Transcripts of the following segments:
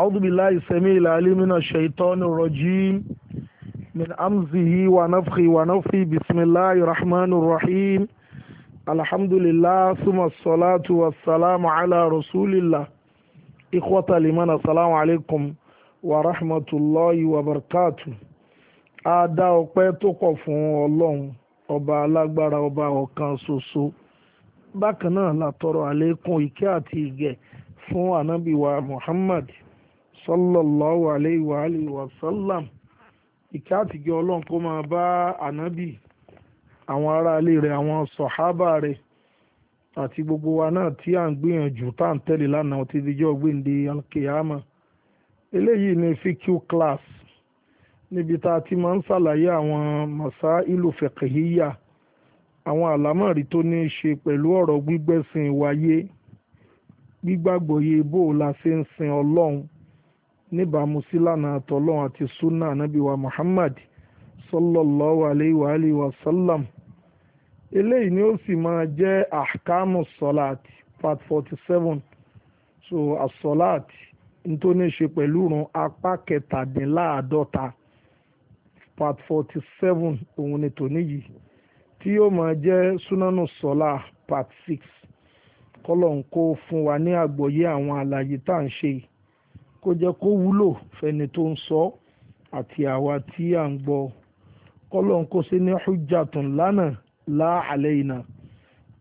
أعوذ بالله السميع العليم من الشيطان الرجيم من أمزه ونفخه ونفخه بسم الله الرحمن الرحيم الحمد لله ثم الصلاة والسلام على رسول الله إخوة الإيمان السلام عليكم ورحمة الله وبركاته a dá ọpẹ́ tó kọ fún Ọlọ́run ọba alágbára ọba ọ̀kan ṣoṣo bákan náà la tọrọ àlékún sallallahu alayhi wa alayhi wa sallam ìkẹ́ àtìgẹ́ ọlọ́run kó máa bá ànábì àwọn aráalé rẹ̀ àwọn sọ̀hábà rẹ̀ àti gbogbo wa náà tí à ń gbìyànjú tá à ń tẹ̀lé lánàá ti di jọ́ gbéǹde alkeyama eléyìí ni fiqhu class níbi tá a ti máa ń ṣàlàyé àwọn masailu fiqhiyya àwọn àlámọ̀rí tó ní í ṣe pẹ̀lú ọ̀rọ̀ gbígbẹ́sìn wáyé gbígbàgbọ́yé bó o la ṣe ń sin ọlọ́run níbàámu sí lánàá àtọ̀lọ́hún àti sunna muhammad sallallahu alayhi wa alayhi wa sallam eléyìí ni ó sì máa jẹ́ ahkamu salat part forty seven so asolat nítorí ṣe pẹ̀lú run apá kẹtàdínláàádọ́ta part forty seven òun ni tòní yìí tí yóò máa jẹ́ sunanu sola part six kọ́lọ̀ ń kó fún wa ní àgbọ́yé àwọn àlàyé tá à ń ṣe yìí kó jẹ́ kó wúlò fẹ́ni tó ń sọ àti àwa tí à ń gbọ́ kọ́lọ́n kó ṣe ní hujjatun lana la alayna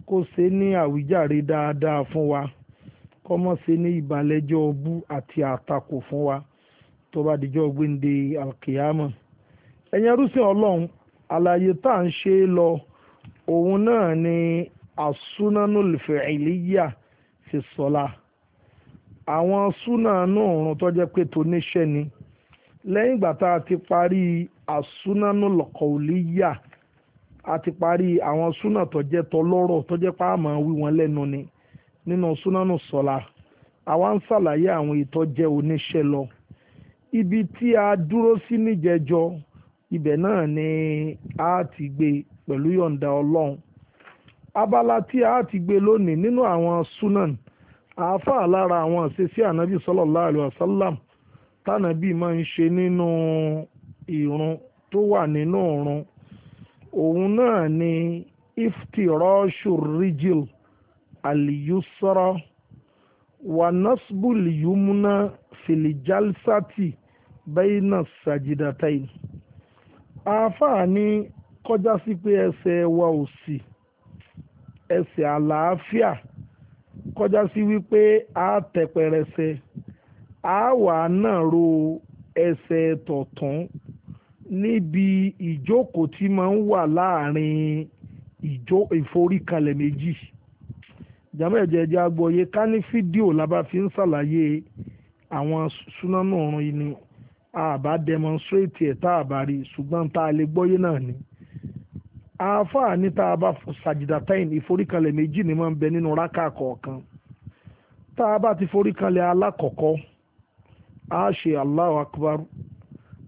kó ṣe ní àwíjàre dáadáa fún wa kọ́mọ́ ṣe ní ìbàlẹ́jọ́ ọbú àti àtakò fún wa tó bá dijọ́ gbéǹde alkiyama ẹ̀yẹn rúṣin ọlọ́run àlàyé tá à ń ṣe lọ òun náà ni asúnánú lìfẹ̀ẹ́lìyà fi sọ́la àwọn súnà náà rún tó jẹ́ pé tó níṣẹ́ ni lẹ́yìn ìgbà tá a ti parí àsúnánú lọ́kọ̀ọ́líyà a ti parí àwọn súnà tó jẹ́ tọlọ́rọ̀ tó jẹ́ pé a máa wí wọn lẹ́nu ni nínú súnánú sọ̀la àwa ń ṣàlàyé àwọn ìtọ́jẹ́ oníṣẹ́ lọ ibi tí a dúró sí níjẹjọ ibẹ̀ náà ni a ti gbé pẹ̀lú yọ̀ǹda ọlọ́run abala tí a ti gbé lónìí nínú àwọn súnàn àáfàá lára àwọn àṣesí ànábì sallallahu alaihi wasallam tànàbí máa ń ṣe nínú ìrun tó wà nínú ìrun òun náà ni iftirashu rijil aliyusra wa nasbul yumna filijalsati bayna sajidatain àáfàá ní kọjá sí pé ẹsẹ̀ wa òsì ẹsẹ̀ àlàáfíà kọjá sí wípé a tẹ a wà náà ro ẹsẹ̀ tọ̀tún níbi ìjókòó tí máa ń wà láàrin ìforíkalẹ̀ méjì jàmọ́ ẹ̀jẹ̀ ẹ̀jẹ̀ agbóye ká ní fídíò la bá fi ń ṣàlàyé àwọn súnánù ọ̀run yìí ni àbá demonstrate ẹ̀ tá a bá rí ṣùgbọ́n tá a lè gbọ́yé náà ni. àáfàá a bá sàjìdàtàyìn ìforíkanlẹ̀ méjì ni máa ń bẹ nínú rákà kọ̀ọ̀kan tá a bá ti alákọ̀ọ́kọ́ a ṣe Allahu Akbar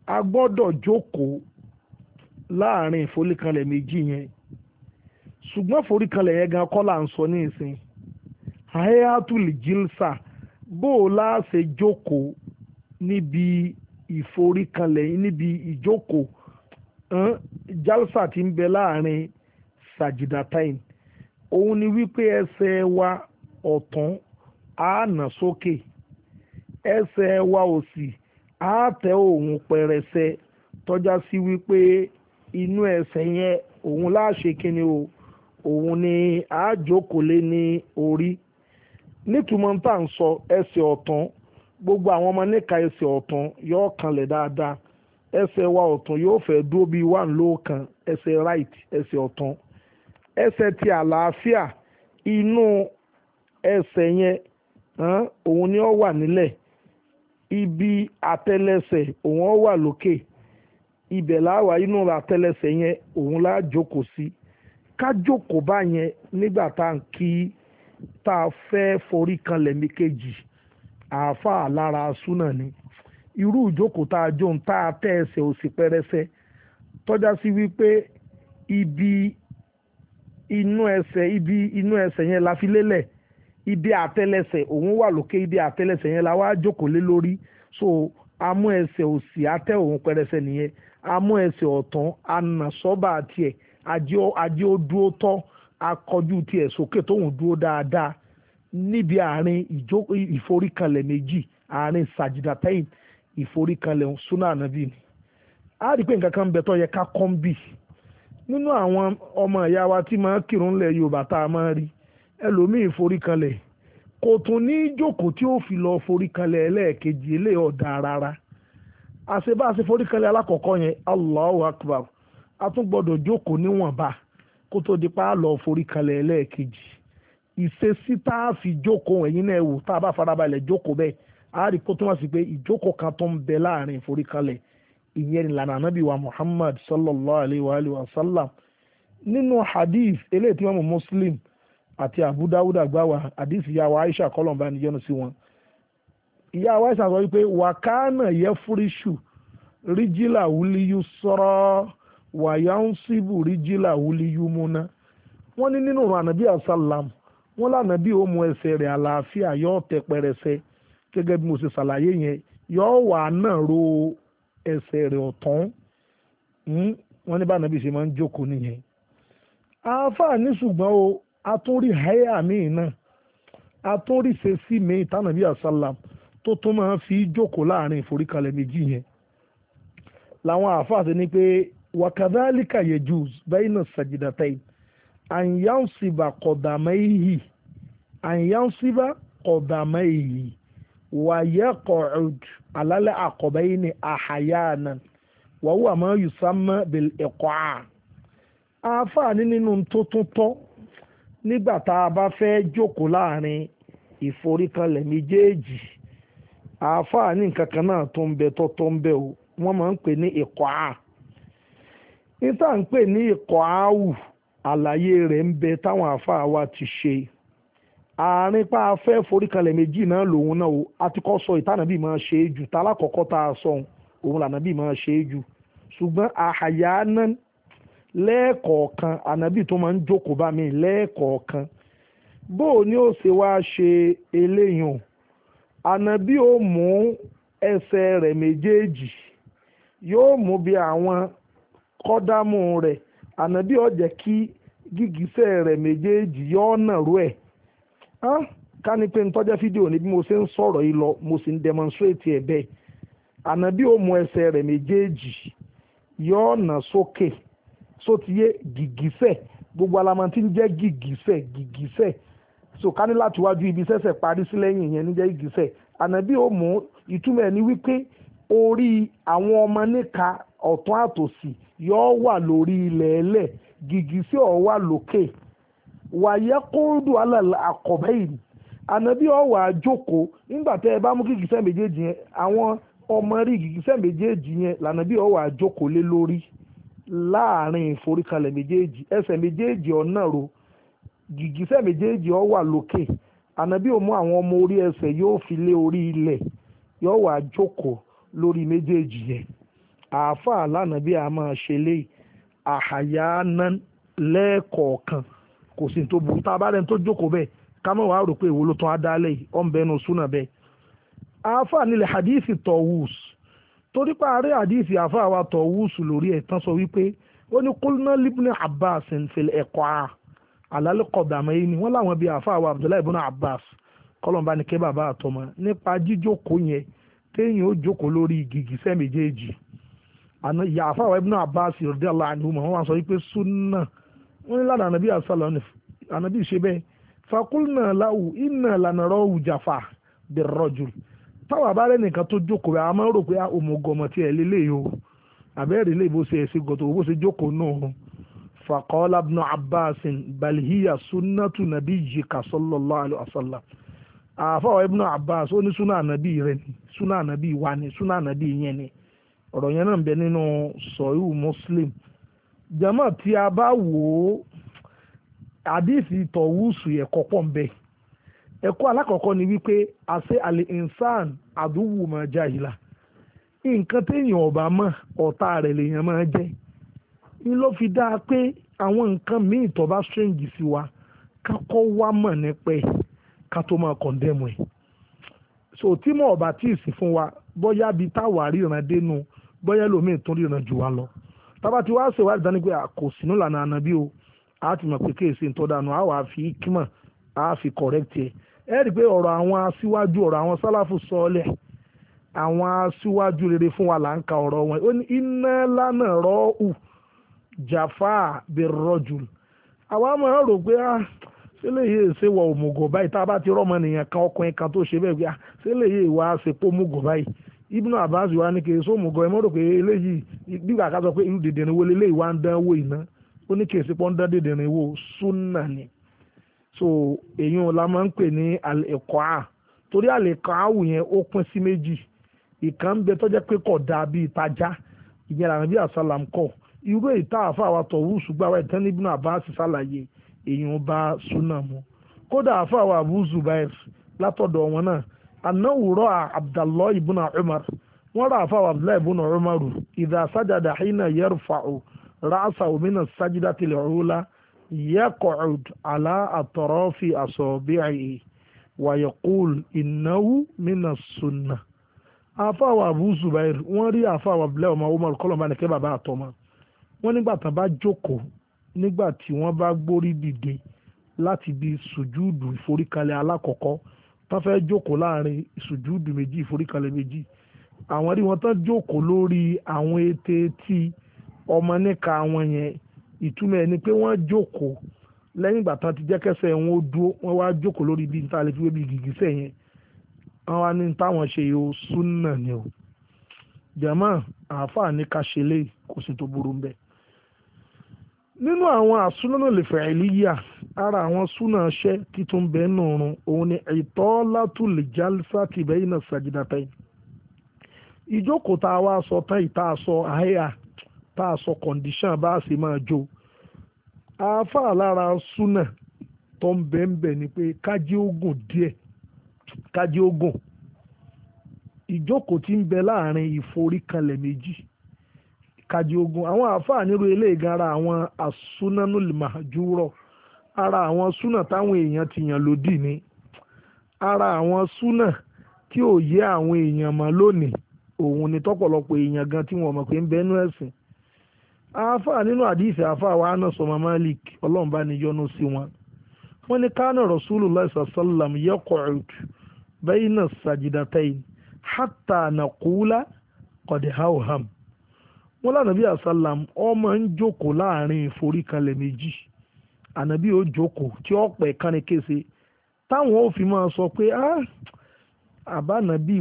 a gbọ́dọ̀ jókòó láàrin ìforíkanlẹ̀ méjì yẹn ṣùgbọ́n foríkanlẹ̀ yẹn gan kọ́ là ń sọ ní ìsìn jilsa bó o láṣẹ jókòó níbi ìforíkanlẹ̀ níbi ìjókòó jálsà ti ń bẹ láàrin sajidatain òun ni wípé ẹsẹ̀ wa ọ̀tún àánà sókè ẹsẹ̀ wa òsì àátẹ òun pẹrẹsẹ tọ́já sí wípé inú ẹsẹ̀ yẹn òun láṣẹ kíni o òun ni àájókòólé ní orí nítumọ̀ tá à ń sọ ẹsẹ̀ ọ̀tún gbogbo àwọn ọmọ níka ẹsẹ̀ ọ̀tún yóò kanlẹ̀ dáadáa ẹsẹ̀ wa ọ̀tún yóò fẹ́ dúró bíi wà lóòkan ẹsẹ̀ right ẹsẹ̀ ọ̀tún ẹsẹ̀ ti àlàáfíà inú ẹsẹ̀ yẹn òun ni ó wà nílẹ̀ ibi àtẹlẹsẹ̀ òun ó wà lókè ibẹ̀ láwà inú àtẹlẹsẹ̀ yẹn òun láà jókòó sí ká jókòó bá yẹn nígbà tá à ń kí tá a fẹ́ forí kan lẹ́mí kejì àáfàá lára súnà ni irú ìjókòó tá a jó ń tá tẹ́ ẹsẹ̀ òsì pẹrẹsẹ tọ́já sí wípé ibi inú ẹsẹ̀ ibi inú ẹsẹ̀ yẹn la fi lélẹ̀ ibi àtẹ́lẹsẹ̀ òun wà lókè ibi àtẹ́lẹsẹ̀ yẹn la wá jókòó lé lórí so amú ẹsẹ̀ òsì atẹ́ òun pẹrẹsẹ nìyẹn amú ẹsẹ̀ ọ̀tún anàsọ́bà tiẹ̀ ajé ó dúró tọ́ akọjú tiẹ̀ sókè tóun dúró dáadáa níbi àárín ìforíkanlẹ̀ méjì àárín sàjìdàtẹ́yìn ìforíkanlẹ̀ súnà ànábì ni a rí pé nǹkan kan ń bẹ yẹ ká kọ́ńbì nínú àwọn ọmọ ìyá wa tí máa kírun lẹ̀ yorùbá tá a máa rí ẹlòmíì ìforíkanlẹ̀ kò tún ní jókòó tí ó fi lọ foríkanlẹ̀ ẹlẹ́ẹ̀kejì ilé ọ̀dà rárá àṣebáṣe foríkanlẹ̀ alákọ̀ọ́kọ́ yẹn Allahu Akbar a tún gbọ́dọ̀ jókòó níwọ̀nba kó tó di pa á lọ foríkanlẹ̀ ẹlẹ́ẹ̀kejì ìṣesí tá a fi jókòó ẹ̀yin náà wò tá a bá a rí kó túmọ̀ sí pé ìjókòó kan tó ń bẹ láàrin ìforíkalẹ̀ ìyẹn ìlànà anábì wa muhammad sallallahu alayhi wa alayhi wa sallam nínú hadith eléyìí tí wọ́n mú muslim àti abu dawud àgbáwá hadith ìyá wa aisha kọlọmba níyẹnu sí wọn ìyá wa aisha sọ wípé wàkánà yẹ fúríṣù ríjìlá wúlíyú sọ̀rọ̀ wàyà ń síbù ríjìlá wúlíyú múná wọ́n ní nínú ọ̀rọ̀ ànábì asalam wọ́n lànàbí ó mú ẹsẹ̀ rẹ̀ àlàáfíà yóò tẹ pẹrẹsẹ gẹ́gẹ́ bí mo ṣe ṣàlàyé yẹn yóò wà náà ro ẹsẹ̀ rẹ̀ ọ̀tún hmm? wọ́n ní báwọn ẹbí ṣe máa ń jókòó nìyẹn. àáfàá ní ṣùgbọ́n o atúrí háyà míì náà atúrí ṣe sí mi tànàbí àṣàlám tó tún máa fi jókòó láàrin ìforíkalẹ̀ méjì yẹn. làwọn àáfàá ṣe ni pé wàkàdálíkà yejuz bayna sajidatain àyànṣìbà kọ̀dàmẹ́yì àyànṣìbà kọ̀dàmẹ́yì ويقعد على العقبين أحيانا وهو ما يسمى بالإقعاء àfààní nínú a bá fẹ́ jókòó láàrin ìforíkanlẹ̀ méjèèjì àfààní nǹkan kan náà tó ń bẹ tó tó ń bẹ o wọ́n máa ń pè ní ìkọ́à níta ń pè ní ìkọ́àwù àlàyé rẹ̀ ń bẹ wa ti àárín pa afẹ́ foríkalẹ̀ méjì náà lòun náà o àti kọ́ sọ ìtànàbí máa ṣe é jù tálákọ̀ọ́kọ́ tá a sọ òun lànàbí máa ṣe é jù ṣùgbọ́n àhàyà náà lẹ́ẹ̀kọ̀ọ̀kan ànàbí tó máa ń jókòó bá mi lẹ́ẹ̀kọ̀ọ̀kan bó o ní wá ṣe o ànàbí mú ẹsẹ̀ rẹ̀ méjèèjì yóò mú bí ká ní fídíò ni bí mo ṣe ń sọ̀rọ̀ yìí lọ mo sì ń demonstrate ẹ̀ bẹ́ẹ̀ ànábì ẹsẹ̀ rẹ̀ méjèèjì yóò nà sókè sótìyé gìgísẹ̀ gbogbo alamọ tí ń jẹ́ gìgísẹ̀ gìgísẹ̀ so ká láti wájú ibi sẹ́sẹ̀ parí sí lẹ́yìn yẹn ní jẹ́ gìgísẹ̀ ànábì ó ìtumọ̀ ẹ̀ ní wípé orí àwọn ọmọ níka ọ̀tún yóò wà lórí ilẹ̀ wà lókè. wàyẹ kóòdù alẹ́ àkọ́bẹ́yìn ànábì ọ̀wà àjókòó nígbà tẹ́ ẹ bá mú kìkìsẹ́ méjèèjì yẹn àwọn ọmọ rí lé lórí láàrin ìforíkalẹ̀ méjèèjì ẹsẹ̀ méjèèjì ọ̀nà ro lókè ànábì àwọn ọmọ orí ẹsẹ̀ yóò fi lé orí ilẹ̀ yóò wà lórí méjèèjì yẹn àáfàá lànàbí a máa ṣe léyìí àhàyà kò sí tó burú tá a bá rẹni tó jókòó bẹ́ẹ̀ ká mọ̀ wàá rò pé èwo ló tán á dálẹ̀ yìí ọ̀n bẹnu súnà bẹ́ẹ̀. àáfà nílẹ̀ hadithi tọ̀wùs torí pé àárẹ̀ hadithi àáfà wa tọ̀wùs lórí ẹ̀ tán sọ wípé ó ní kúlúná libni abbas fil ẹ̀kọ́ a àlálẹ́ kọ̀dàmọ́ yìí ni wọ́n láwọn bíi àáfà wa abdullahi ibn abbas kọ́lọ̀mbá ni kẹ́ bàbá àtọmọ nípa jíjókòó yẹn téèyàn ó jókòó lórí gìgísẹ̀ méjèèjì àná ìyá àáfà wa ibn abbas radiyallahu anhu wọ́n wá sọ wípé súnà wọ́n ní lánàá ànàbí àṣàlọ́ ànàbí ṣe bẹ́ẹ̀ fakulna láwù iná lànà rọ́ọ̀wù jàfà bẹ̀rẹ̀ rọ́jù táwọn abárẹ́ nìkan tó jókòó rẹ̀ a máa ń rò pé ah, òmùgọ̀mọ̀ tiẹ̀ lélẹ́yìí o àbẹ́rẹ́ ilé ìbò ṣe ẹ̀sìn gọ̀tò owó ṣe jókòó náà fàkọ́lá bínú abbasin balhiya sunnatu nabi yika sallallahu alaihi wasallam àfọwọ́ ibnu abbas ó ní súnà nàbí rẹ ni súnà nàbí wa ni súnà nàbí yẹn ni ọ̀rọ̀ yẹn náà ń bẹ nínú sọ̀rọ̀ muslim jẹ́mọ̀ tí a bá wò ó àdìsí tọ̀wúsù ń bẹ ẹ̀kọ́ alákọ̀ọ́kọ́ ni wípé àṣẹ àlè insan àdúgbò máa já ìlà nǹkan ọba mọ̀ ọ̀tá rẹ̀ lèèyàn máa jẹ́ pé àwọn nǹkan míì strange sí wa wá mọ̀ so tí mo fún wa bíi táwa ríran dénú lómi jù wá lọ taba tí wàá ṣe ìwádìí dánigbé kò sínú lànà ànábí o a ti mọ̀ a wa fi ikima a fi correct ẹ̀ e. ẹ rí ọrọ pé ọ̀rọ̀ àwọn aṣíwájú ọ̀rọ̀ àwọn sálàfù sọ́ọ̀lẹ̀ rere fún wa là ń ka ọ̀rọ̀ wọn ó ní iná lánà rọ́ọ̀hù jàfà àwa máa rò a ah, ṣe wọ òmùgọ̀ báyìí tá a bá ti nìyẹn kan ọkùnrin kan tó ṣe bẹ́ẹ̀ ah, ibùnú àbáṣe wa ní kèé sóòmù gan ẹ mọ́ rò pé eléyìí bíbà ká sọ pé irú dèdè ni wo eléyìí wá ń dán wò iná ó ní kèé sí pọ́ńdán dèdè ni wo súnà ni so èyàn la máa ń pè ní ẹ̀kọ́ à torí àlèkàn àwù yẹn ó pín sí méjì ìkan bẹ tọ́jẹ́ pé kọ̀ dáa bíi tajá ìyẹn làwọn bí àsálàm kọ̀ irú èyí tá àfa àwa tọ̀wú ṣùgbọ́n àwa ìtẹ́ni ibùnú àbáṣe sàlàyé èyàn bá súnà mu kódà àfa àwa àbúzù báyìí látọ̀dọ̀ wọn náà anáwùrọ̀ abdullahi ibn umar wọ́n rà fáwọn abdullahi ibn umar ìdá sájàdà hínà yarfa'u ra'sa òmìnà sájídà tilẹ̀ ọ̀húnlá yaq'ud ala atrafi asabi'i wa yaqul innahu mina sunna afáwọn abu zubair wọ́n rí afáwọn abdullahi ọmọ umar kọ́lọ́mbà nìkẹ́ bàbá àtọ́mọ́ wọ́n nígbà tán bá jókòó nígbà tí wọ́n bá gbórí dìde láti bí sùjúùdù ìforíkalẹ̀ alákọ̀ọ́kọ́ tán fẹ́ jókòó láàrin ìsùjúdù méjì ìforíkalẹ̀ méjì àwọn rí wọn tán jókòó lórí àwọn ète tí ọmọ níka wọn yẹn ìtumọ̀ ẹni pé wọ́n jókòó lẹ́yìn ìgbà tán ti jẹ́ kẹsẹ̀ wọn ó dúró wọ́n wá jókòó lórí ibi níta lè fi wé bí gìgísẹ̀ yẹn wọ́n wá ní táwọn ṣe o súnà ni o jàmáà àáfàá ní ká ṣe lé kò sí tó burú bẹ́ẹ̀ nínú àwọn àsúná lè fẹ̀ ìlíyà ara àwọn súná ṣẹ́ títún bẹ́ẹ̀ nù rún òun ni ìtọ́ látùlẹ̀ jálísà tìbẹ́yìn náà sàjìdàtẹ́yìn ìjókòó tá a wá sọ tán ìta sọ àyà tá a sọ kọ̀ǹdíṣàn bá a sì máa jó àáfàá lára súnà tó ń bẹ́ẹ̀nbẹ́ẹ̀ ni pé kájí ogun díẹ̀ kájí ogun ìjókòó tí ń bẹ láàrin ìforíkanlẹ̀ méjì kàdí ogun àwọn àáfàá nírú eléyìí gan ara àwọn asúnánúlìmàjúrọ̀ ara àwọn súnà táwọn èèyàn ti yàn ara àwọn súnà tí ò yé àwọn èèyàn mọ́ lónìí òun ni tọ́pọ̀lọpọ̀ èèyàn gan tí wọ́n mọ̀ pé ń bẹnu ẹ̀sìn àáfàá nínú wa Malik ọlọ́run bá ní sí wọn wọ́n ní kánà Rasulullah sallam yaq'ud bayna sajidatayn hatta wọ́n lànàbí àsálàm ọmọ ń jókòó láàrin ìforíkanlẹ̀ méjì ànàbí ó jókòó tí ó pẹ̀ kánnikése táwọn ò fi máa sọ pé ah, àbánàbí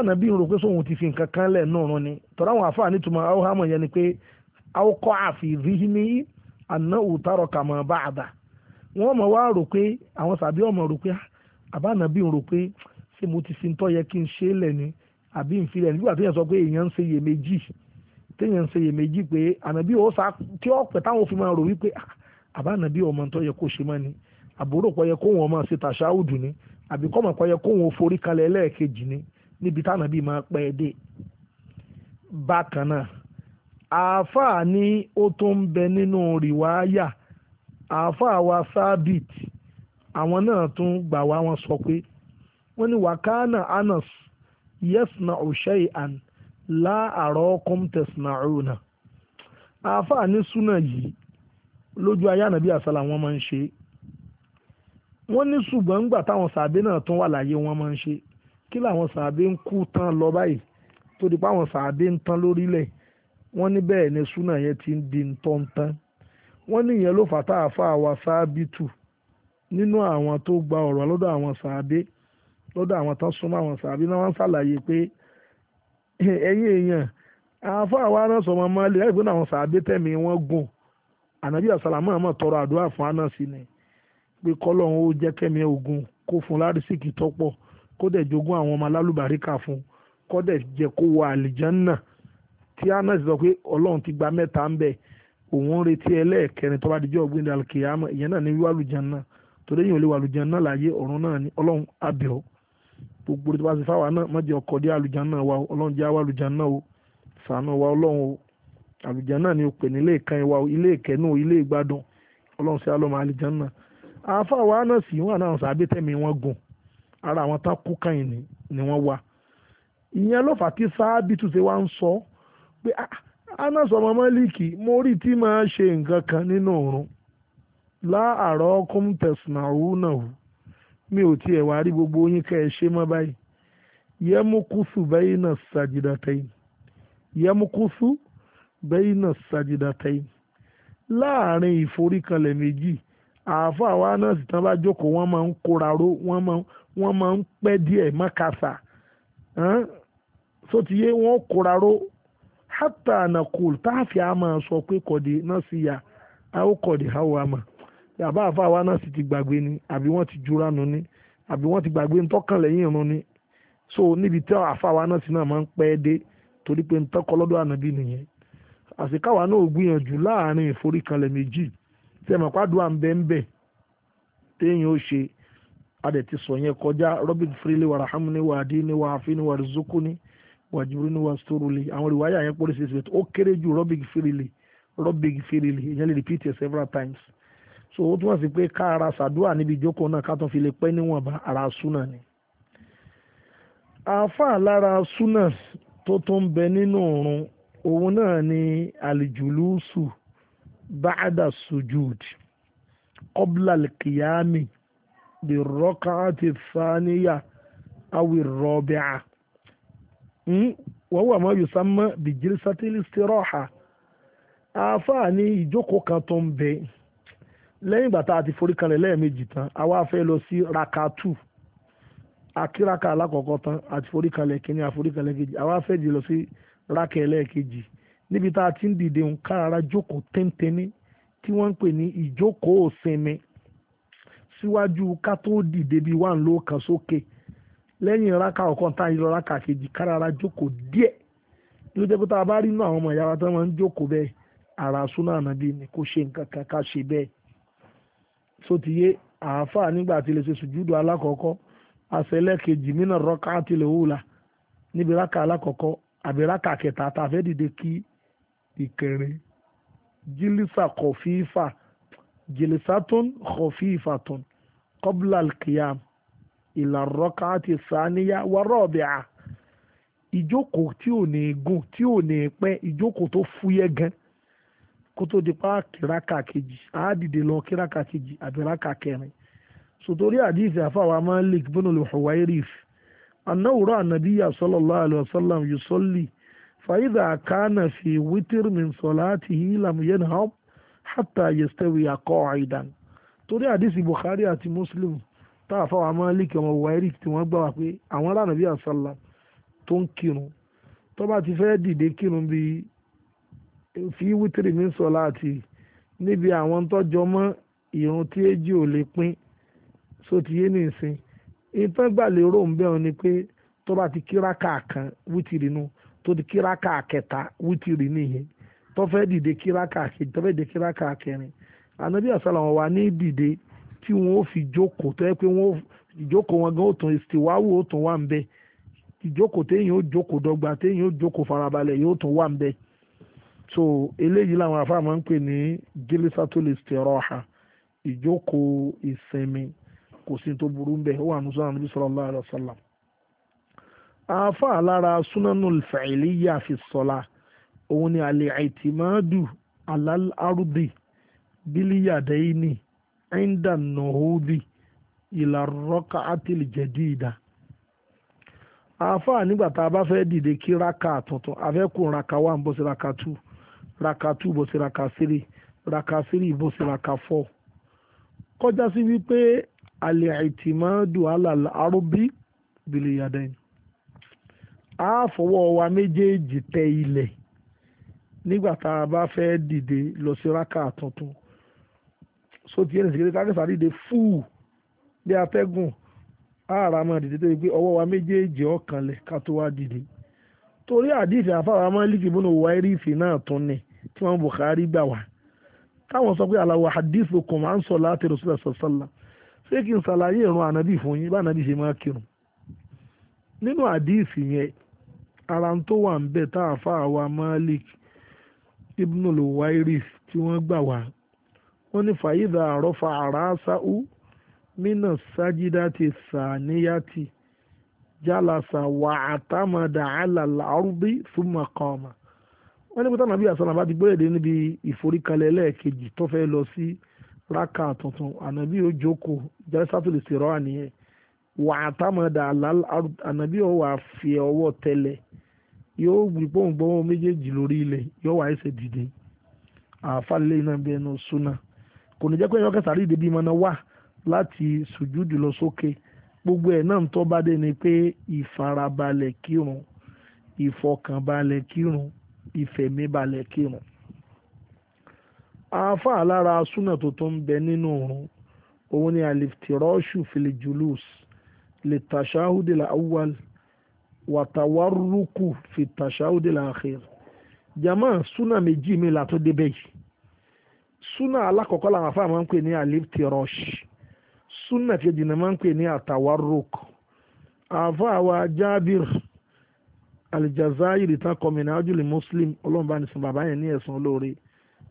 ah, ń rò pé sóun ti fi nǹkan kan lẹ̀ náà rán ni tọ́lá àwọn àfáà nítumọ̀ yẹn ni pé aokọ́ àfìrí ní àná òtárọ̀ kàmọ́ bá àdá wọ́n mọ̀ wá rò pé àwọn sàbí ọmọ rò pé ah, ń rò pé ṣé mo ti fi ń tọ́ yẹ kí n ṣe é lẹ̀ ni àbí nfilẹ̀ nígbà téèyàn sọ pé èèyàn ń ṣe iyèméjì téèyàn ń ṣe iyèméjì pé ànàbí ó sa tí ó pẹ̀ táwọn òfin máa rò wípé ah, àbá ànàbí ọmọ tó yẹ kó ṣe mọ́ ni àbúrò kọ́ yẹ kóhun ọmọ ṣe tàṣáùdù ni àbí kọ́mọ̀ kọ́ yẹ kóhun forí kalẹ̀ lẹ́ẹ̀kejì ni níbi tánàbí máa pẹ́ ẹ dé. bákan náà àáfàá ni ó tó ń bẹ nínú rìwáyà àáfàá wa sábìt àwọn náà tún gbà wá wọn sọ pé wọ́n ní wàkánà anas yasna'u shay'an la arakum tasna'una àáfàá ní súnà yìí lójú ayé ànàbí àsálà wọn máa ń ṣe wọ́n ní ṣùgbọ́n ńgbà táwọn sàbẹ náà tún wà láyé wọn máa ń ṣe kí làwọn sàbẹ ń kú tán lọ báyìí tó di pa àwọn ń tán lórílẹ̀ wọ́n ní bẹ́ẹ̀ ni súnà yẹn ti ń di ntọ́ntán wọ́n ní ìyẹn ló fàtà àfa àwa sábìtù nínú àwọn tó gba ọ̀rọ̀ lọ́dọ̀ àwọn sàbẹ lọ́dọ̀ àwọn tó súnmọ́ àwọn sàbí náà wọ́n ṣàlàyé pé ẹ̀yin èèyàn àfọ àwọn aránsọ ọmọ mọ́lẹ̀ ẹ̀ gbọ́dọ̀ àwọn sàbí tẹ̀mí wọn gùn ànábì àsàlámù àmọ́ tọrọ àdúrà fún anásì ni pé kọ́lọ́hún ó jẹ́ kẹ́mi ogun kó fún lárísìkì tọ́pọ̀ kó dẹ̀ jogún àwọn ọmọ alálùbáríkà fún kó dẹ̀ jẹ́ kó wọ àlìjánná tí anásì sọ pé ọlọ́run ti gba mẹ́ta ń bẹ̀ òun retí ẹlẹ́ẹ̀kẹrin tó bá dijọ́ ọ̀gbìn dàlùkìyàmọ̀ ìyẹn náà ní wíwá àlùjánná torí èyàn ò lè wà àlùjánná láyé ọ̀run náà ní ọlọ́run àbẹ̀ọ́ gbogbo tó bá ṣe fáwa náà má jẹ́ ọkọ dé wa ọlọ́run jẹ́ àwa àlùjánnà o ṣàánú wa ọlọ́run o àlùjánnà ni o pè ní ilé ìkan ìwà o ilé o ilé ìgbádùn ọlọ́run sí náà sàbí tẹ̀mí wọn gùn ara àwọn tá kú kàn ni wọ́n wa. ìyẹn sọ pé ah, ọmọ mo rí tí máa ṣe nǹkan kan nínú mi ò gbogbo yín ká ẹ ṣe mọ́ báyìí yẹmukusu bẹ́yìn náà sàjìdàtẹ́yìn yẹmukusu bẹ́yìn náà láàrin ìforíkanlẹ̀ méjì àáfàá wa náà sì tán bá jókòó wọ́n máa ń kóra wọ́n máa wọ́n máa ń pẹ́ díẹ̀ mọ́kàsà sotiye wọ́n kóra hátà táàfì náà sì yàbá àfa wa náà sì ti gbàgbé ni àbí wọ́n ti jura nu ni àbí wọ́n ti gbàgbé ń tọ́kàn lẹ́yìn irun ni so níbi tí àfa wa náà sì náà máa ń pẹ́ dé torí pé ń tọ́kọ lọ́dọ̀ ànábì nìyẹn àṣekáwa náà ò gbìyànjú láàrin ìforíkanlẹ̀ méjì tí ẹ̀ mọ̀ pàdùn à ń bẹ́ ń bẹ̀ téèyàn ó ṣe adẹ̀ ti sọ yẹn kọjá robert freely wa rahamuni wa adini wa afini wa rizukuni wa jibrini wa storuli àwọn ìwáyà yẹn pọ́lísì ó kéré ju robert freely robert freely ìyẹn lè repeat it several times so ó túmọ̀ sí pé ká ara ṣàdúrà níbi ìjókòó náà ká tún fi lè pẹ́ níwọ̀nba ara súnà ni àáfàá lára súnà tó tún ń bẹ nínú òrun òun náà ni àlìjùlùsù báàdà sujud kọ́bla kìyàmì bí rọ́kà àti fàníyà awi rọ́bìà hmm? wọ́n wà máa yùsà mọ́ bí jírísátìlì stírọ́ọ̀hà àáfàá ní ìjókòó kan tó ń bẹ lẹ́yìn ìgbà tá a ti forí kanlẹ̀ lẹ́ẹ̀mejì tán a wá fẹ́ lọ sí rakatu akíraka alákọ̀ọ́kọ́ tán àti forí kanlẹ̀ kínní kejì a wá fẹ́ lọ sí ẹlẹ́ẹ̀kejì níbi tá a ti ń dìde ń kárara jókòó téńténí tí wọ́n ń pè ní ìjókòó òsinmi síwájú ká tó dìde bíi wà ń kan sókè lẹ́yìn ọ̀kan tá a ọmọ máa ń jókòó bẹ́ẹ̀ ara ni sotiye àáfàá nígbà tí lè ṣe sùjúdù alákọ̀ọ́kọ́ àṣẹlẹ́kejì mínà rọ́kà àti lè wúlà níbi rákà alákọ̀ọ́kọ́ àbí rákà kẹta tá a fẹ́ dìde kí ìkẹrin jílísà kọ̀fífà jilisatun kọfífatun kọbla alkiyam ìlàrọ́ká àti sàníyá wàrọ́ọ̀bìà ìjókòó tí ò ní gùn tí ò ní pẹ́ ìjókòó tó fúyẹ́ gan kó tó di pa kíráka kejì á dìde lọ kíráka kejì àbí ráka kẹrin sòtórí àdìsí àfàwà Malik bínú lè Huwairith anáwòrán ànàbíyà sallallahu alaihi wasallam yusolli fàyídà kánà fi wítírì min salatihi lam yanhab hatta yestawi qa'idan torí àdìsí Bukhari àti Muslim tá àfàwà Malik ọmọ Huwairith tí wọ́n gbà wá pé àwọn ará ànàbíyà sallam tó ń kírun tó ti fẹ́ dìde kírun bíi fi wítìrì mi sọ láti níbi àwọn tọ́jọ mọ́ ìrun tí èjì ò lè pín sótìyé nìsín ìtàn gbàlérò ń bẹ́ẹ̀ ni pé tó bá ti kíráka kan wítìrì nu tó ti kíráka kẹta wítìrì nìyẹn tó fẹ́ dìde kíráka kejì tó fẹ́ dìde kíráka kẹrin ànábì àsálà wọn wà ní dìde tí wọn ò fi jókòó tó yẹ pé wọn ìjókòó wọn gan ó tún ìsìwáwò ó tún wà ń bẹ ìjókòó téèyàn ó jókòó dọ́gba téèyàn ó jókòó farabalẹ̀ yóò tún wà ń bẹ́ẹ̀ so eléyìí làwọn afá máa ń pè ní gilisatul istiraha ìjókòó ìsinmi kò sí tó burú bẹ́ẹ̀ ó wà ní sunan nabi sallallahu alayhi wa sallam afá lára sunanul fa'iliyya fi sọlá òun ni àlè àìtìmáàdù alárùdì bílíyàdẹ́yìnì ẹ̀ńdà nùhúdì ìlà átìlì jẹ̀díìdà àáfàá nígbà tá a bá fẹ́ dìde kí raka tuntun afẹ́kùn raka one bó sí raka two raka two bọ́ sí raka three raka three bọ́ sí raka four kọjá sí wípé alẹ́ àìtìmọ́dù alàlà arúbí bìlẹ̀ yàdẹ́n a fọwọ́ wa méjèèjì tẹ ilẹ̀ nígbà tá a bá fẹ́ dìde lọ sí raka tuntun sóti ẹnì sìkìrì kákẹ́sà dìde fúù bí atẹ́gùn ààrà máa dìde tó yẹ pé ọwọ́ wa méjèèjì ọ̀kanlẹ̀ ká tó wá dìde torí àdìsí àfàwà máa líkì bónú wáírìsì náà tún ni tí wọ́n Bukhari gbà wá táwọn sọ pé aláwọ̀ hadithu kò máa ń sọ láti rasulullah sallallahu ṣé kí n ṣàlàyé ìrun ànábì fún yín bá ànábì ṣe máa kírun nínú àdìsí yẹn ara tó wà ń bẹ tá a fa àwa Malik ibn luwairis tí wọ́n gbà wá wọ́n ní fàyídà àrọ́fà àràásáú mínà sájídàtì sàníyàtì jálàsà wà àtàmàdà àlàlárúbí súnmọ́kànmọ́ wọ́n ní pẹ́tà nàbí àsọ̀nà bá ti gbọ́dọ̀ níbi ìforíkalẹ̀ lẹ́ẹ̀kejì tó fẹ́ lọ sí rákà tuntun ànàbí ó jókòó jẹ́rẹ́sàtò lè ṣèrọ́ àníyẹn wà á támọ̀dà ànàbí ó wà fi ọwọ́ tẹ̀lẹ̀ yóò gbì pọ́n gbọ́n méjèèjì lórí ilẹ̀ yóò wà ẹsẹ̀ dìde àfàlẹ́ iná bí ẹnu súnà kò ní jẹ́ pé ẹ̀yọ́ kẹsàrí ìdè mọ́nà wà láti sùjúdù lọ sókè gbogbo ẹ̀ náà tó bá dé ni pé ìfarabalẹ̀ kírun ìfọkànbalẹ̀ kírun ìfẹ̀míbalẹ̀ kírun àáfàá lára súnà tó tó ń bẹ nínú òun òun ni àlìftìrọ́ṣù filijulus lè tàṣáhùdì làwàl wàtàwárúkù fi tàṣáhùdì làáxìr jama súnà méjì mi làtó débẹ̀ yìí súnà alákọ̀ọ́kọ́ làwọn afáà máa ń pè ní àlìftìrọ́ṣù súnà kejì ni máa ń pè ní àtàwárúkù àáfàá wa jábìrì alìjàzáìrì tán kọmìnà ájúlì muslim ọlọ́run bá ní san bàbá yẹn ní ẹ̀san olóore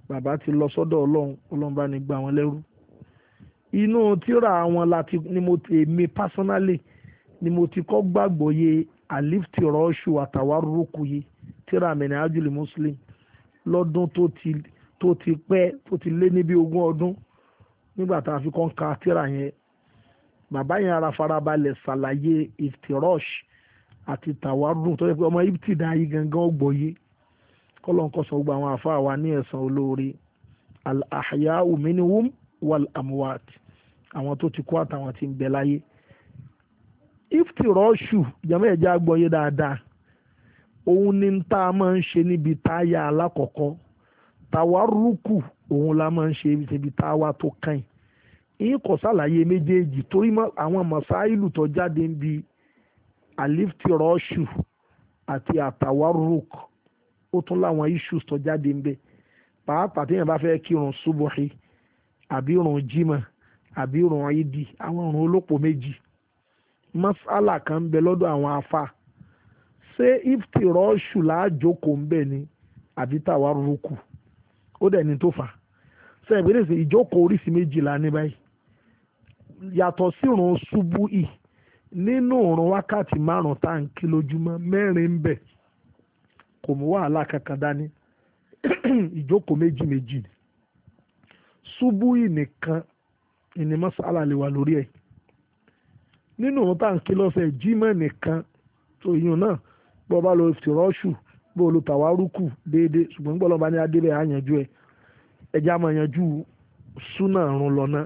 bàbá ti lọ sọ́dọ̀ ọlọ́run ọlọ́run bá ní gbà wọ́n lẹ́rú inú tíra àwọn láti ni mo ti èmi personally ni mo ti kọ́ gbàgbọ́ yé alif ti rọ́ọ̀ṣù àtàwárúkú yé tíra àmìnà ájúlì muslim lọ́dún tó ti tó ti pẹ́ tó ti lé ní bí ogún ọdún nígbà tá a fi kọ́ ń ka tíra yẹn bàbá yẹn ara farabalẹ̀ ṣàlàyé iftirosh àti tàwárùn tó yẹ pé ọmọ ibtida yìí gangan ọgbọ̀yé kọ́lọ̀ ń kọ́ sọ gbogbo àwọn àfáà wa ní ẹ̀san olóore al-ahya'u minhum wal amwat àwọn tó ti kú àtàwọn tí ń bẹ láyé iftirọ́ṣù jàmọ́ ẹ̀já gbọ́yé dáadáa òun ni tá a máa ń ṣe níbi táyà alákọ̀ọ́kọ́ tàwárùkù òun la máa ń ṣe níbi táwa tó kàn yín kò sàlàyé méjèèjì torí àwọn mọ̀sáìlù tó jáde ń aliftirọ́ṣù àti àtàwárùk ó tún láwọn issues tó jáde ń bẹ pàápàá téèyàn bá fẹ́ kírun subuhi àbí irun jimá àbí irun ayidi àwọn irun olópò méjì masala kan ń bẹ lọ́dọ̀ àwọn afa ṣé iftirọ́ṣù láàjókòó ń bẹ ni àbí tàwárùkù ó dẹ̀ ní tó fà ṣe ìgbérèsè ìjókòó oríṣi méjìlá ní báyìí yàtọ̀ sí irun subuhi. nínú òrùn wákàtí márùn-ún tá à ń kí lójúmọ́ mẹ́rin ń bẹ kò mú wàhálà kankan dání ìjókòó méjì méjì ni ṣubúì nìkan ìní mọ́sálà lè wà lórí ẹ̀ nínú òun tá à ń kí lọ́sẹ̀ jímọ̀ nìkan tó yún náà bó bá lo fìrọ́ṣù bó lo tàwárùkù déédéé ṣùgbọ́n gbọ́dọ̀ bá ní adébẹ̀ àyànjú ẹ̀ ẹja máa yanjú súnà ọ̀run lọ́nà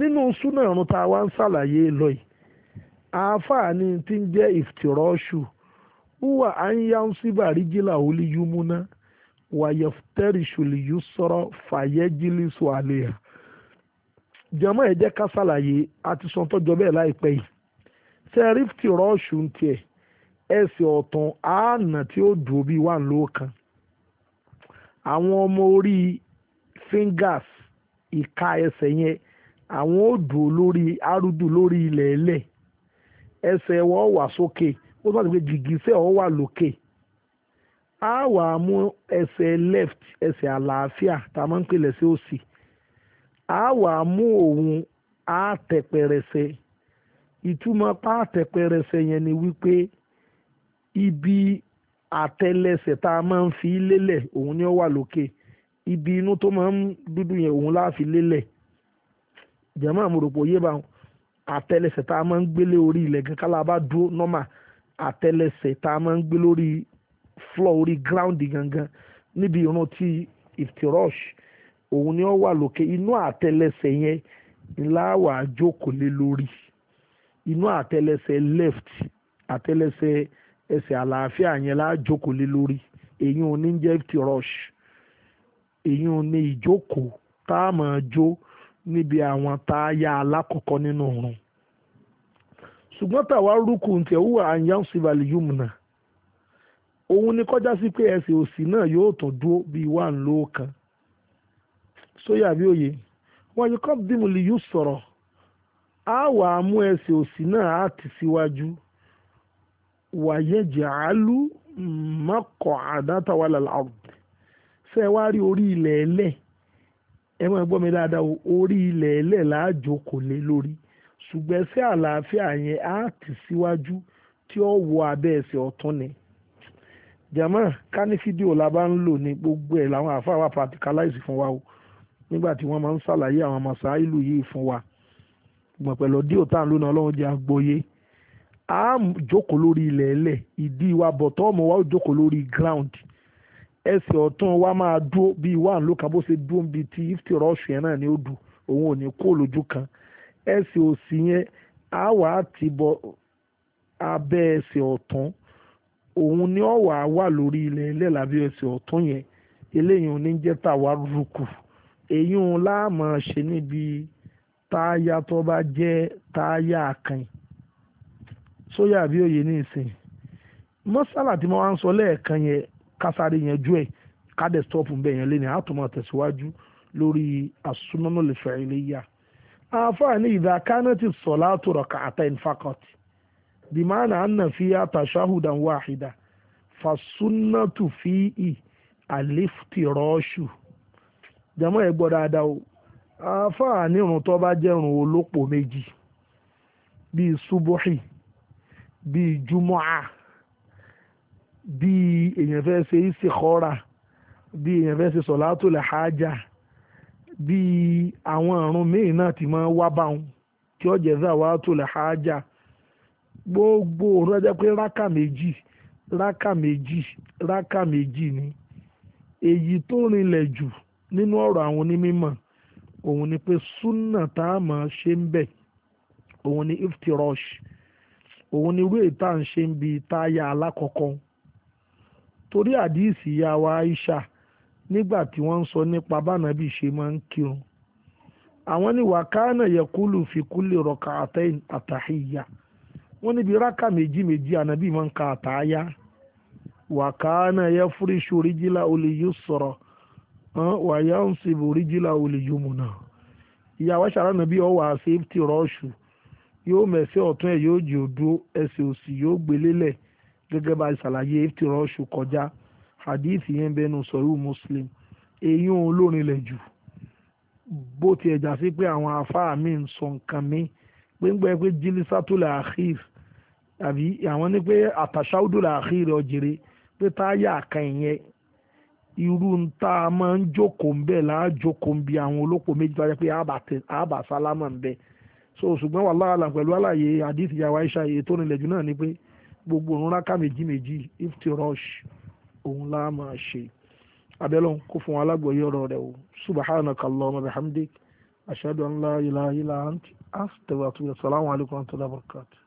nínú súnà ọ̀run tá a wá ń ṣàlàyé lọ yìí àáfàá ni ti ń jẹ́ ìfìtìrọ́ṣù wúwà à ń yá ń síbà rí jìlà òlì yúmúná wàyẹ̀ tẹ́rìṣùlì yú sọ̀rọ̀ fàyẹ́ jìlì sọ àlè à. jẹ́mọ́ ẹ̀ jẹ́ ká ṣàlàyé àti sọ tọ́jọ́ bẹ́ẹ̀ láìpẹ́ yìí sẹ́ẹ̀rí ìfìtìrọ́ṣù ń tiẹ̀ ẹ̀sìn ọ̀tàn àánà tí ó dùn bí wà ń lóòkan àwọn ọmọ orí fingers ìka ẹsẹ̀ yẹn àwọn ò dùn lórí arúdù lórí ilẹ̀ ẹlẹ́ẹ̀ ẹsẹ̀ wọn wà sókè ó sọ pé gìgísẹ̀ ọ wà lókè á wà mú ẹsẹ̀ left ẹsẹ̀ àlàáfíà tá a máa ń pè lẹ́sẹ̀ òsì á wà mú òun á tẹ̀ ìtumọ̀ pa àtẹ̀ yẹn ni wípé ibi àtẹlẹsẹ̀ tá a máa ń fi lélẹ̀ òun ni ó wà lókè ibi inú tó máa ń dúdú yẹn òun láà fi lélẹ̀ jẹ̀mọ́ àmúròpọ̀ yé báwọn àtẹlẹsẹ̀ tá a máa ń gbélé orí ilẹ̀ gan kálá bá dúró nọ́mà àtẹlẹsẹ̀ tá a máa ń gbé lórí floor orí ground gangan níbi ìran tí iftirash òun ni ó wà lókè inú àtẹlẹsẹ̀ yẹn ńlá jókòó lé lórí inú àtẹlẹsẹ̀ left àtẹlẹsẹ̀ ẹsẹ̀ àlàáfíà yẹn lá jókòó lé lórí èyí ò ní jẹ́ iftirash èyí ò ní ìjókòó tá a máa jó. Jo níbi àwọn táyà alákọ̀ọ́kọ́ nínú ọ̀run ṣùgbọ́n tàwa rúkù ntẹ̀ wúwà àyàn síbalì yùmùnà òun ni kọjá sí pé ẹsẹ̀ òsì náà yóò tún dúró bíi wà ń lò kan sóyà bí òye wọn yìí kọ́ bímú lè yú sọ̀rọ̀ á wà á mú ẹsẹ̀ òsì náà á ti síwájú wàyẹ̀ jẹ́ àálù mọ́kọ̀ àdátàwálà ṣe wá rí orí ilẹ̀ ẹlẹ́ẹ̀ ẹ máa gbọ́ mi dáadáa orí ilẹ̀ ẹlẹ̀ láàjò kò lé lórí ṣùgbọ́n ẹsẹ̀ àlàáfíà yẹn á tì síwájú tí ó wọ abẹ́ ẹsẹ̀ ọ̀tún ni jama ká fídíò la bá ń lò ní gbogbo ẹ̀ làwọn àáfàá wa practicalize fún wa o nígbà tí wọ́n máa ń ṣàlàyé àwọn màsá ìlú yìí fún wa gbọ̀n pẹ̀lú díò tá ń lónà ọlọ́run jẹ́ agbóyé a jókòó lórí ilẹ̀ ẹlẹ̀ ìdí wa bọ̀ tọ́ọ̀mù wa ó jókòó lórí ground ẹsẹ̀ ọ̀tún wa máa dúró bíi wà ń lò kan bó ṣe dúró ń ti ifti rọ́ọ̀ṣù yẹn náà ni ó dù òun ò ní kó lójú kan ẹsẹ̀ òsì yẹn á wà á ti bọ abẹ́ ẹsẹ̀ ọ̀tún òun ni ó wà á wà lórí ilẹ̀ ilẹ̀ lábẹ́ ẹsẹ̀ ọ̀tún yẹn eléyìí ò ní jẹ́ tàwa rúkù èyí òun ṣe níbi táyà tó bá jẹ́ táyà kan sóyà bí òye ní ìsìn mọ́sálà tí mo wá ń sọ lẹ́ẹ̀kan yẹn kásáré yanjú ẹ̀ kádẹ stọọpù bẹ́ẹ̀ yẹn lẹni àtúmọ̀ tẹ̀síwájú lórí asúnmọlẹfẹ iléyà àfààní ìdá kánẹtì sọlá àtúrọ kàtà ìfakọtì bìmánà ànà fi àtàṣáhùdà wàhídà fàṣúnàtù fi ì àlìftìrọṣù jẹmọ ẹ gbọ́ dáadáa àfààní irun tó bá jẹrun olópò méjì bíi subuhi bíi jumu'a bí èèyàn fẹ́ ṣe istikhara bí èèyàn fẹ́ ṣe solatul haja bí àwọn àrùn míì náà ti máa wá bá wọn tí ó jẹ́ zawatul haja gbogbo òun jẹ́ pé raka méjì raka méjì raka méjì ni èyí tó rinlẹ̀ jù nínú ọ̀rọ̀ àwọn onímọ̀ òun ni pé súnà tá a máa ṣe ń bẹ̀ òun ni iftirosh òun ni irú èyí tá à ń ṣe ń bi táyà alákọ̀ọ́kọ́ torí àdíìsì ya wa Aisha nígbà tí wọ́n ń sọ nípa bánàbí ṣe máa ń kírun àwọn ní wàkánà yẹkúlù fìkúlè rọkà àtàhíyà wọ́n níbi rákà méjì méjì ànábì máa ń ka àtàyà wàkánà yẹ fúríṣù ríjìlá sọ̀rọ̀ wàyà ń sèbò ríjìlá olè múnà ìyá wa ṣàrà ọwà yóò ọ̀tún ẹ̀ yóò gẹ́gẹ́ bá ṣàlàyé ifti rọ́ọ̀ṣù kọjá hadith yẹn bẹnu sọ̀rọ̀ muslim èyí òun lórin lẹ̀ jù bó tiẹ̀ já sí pé àwọn afáà mi ń sọ nǹkan mi pé ń gbọ́ pé jílí sátúlẹ̀ àkìr àbí àwọn ní pé àtàṣáwùdùlẹ̀ àkìr ọ̀jẹ̀rẹ̀ pé táyà kan ìyẹn irú ń tá a máa ń jókòó ń bẹ̀ láà ń bi àwọn olóko méjì tó yẹ pé àbà sálámà ń bẹ̀ so ṣùgbọ́n wàhálà pẹ̀lú àlàyé àdìsí yàwá iṣẹ́ èyí tó náà ni pé gbogbo òun ráká méjì méjì ifti rush òun la máa ṣe abẹ́lọ́n kó fún wa lágbọ̀ọ́yé ọ̀rọ̀ rẹ̀ o subhanaka allahumma bihamdik ashhadu an la ilaha illa ant astaghfiruka wa atubu ilayk assalamu alaikum wa rahmatullahi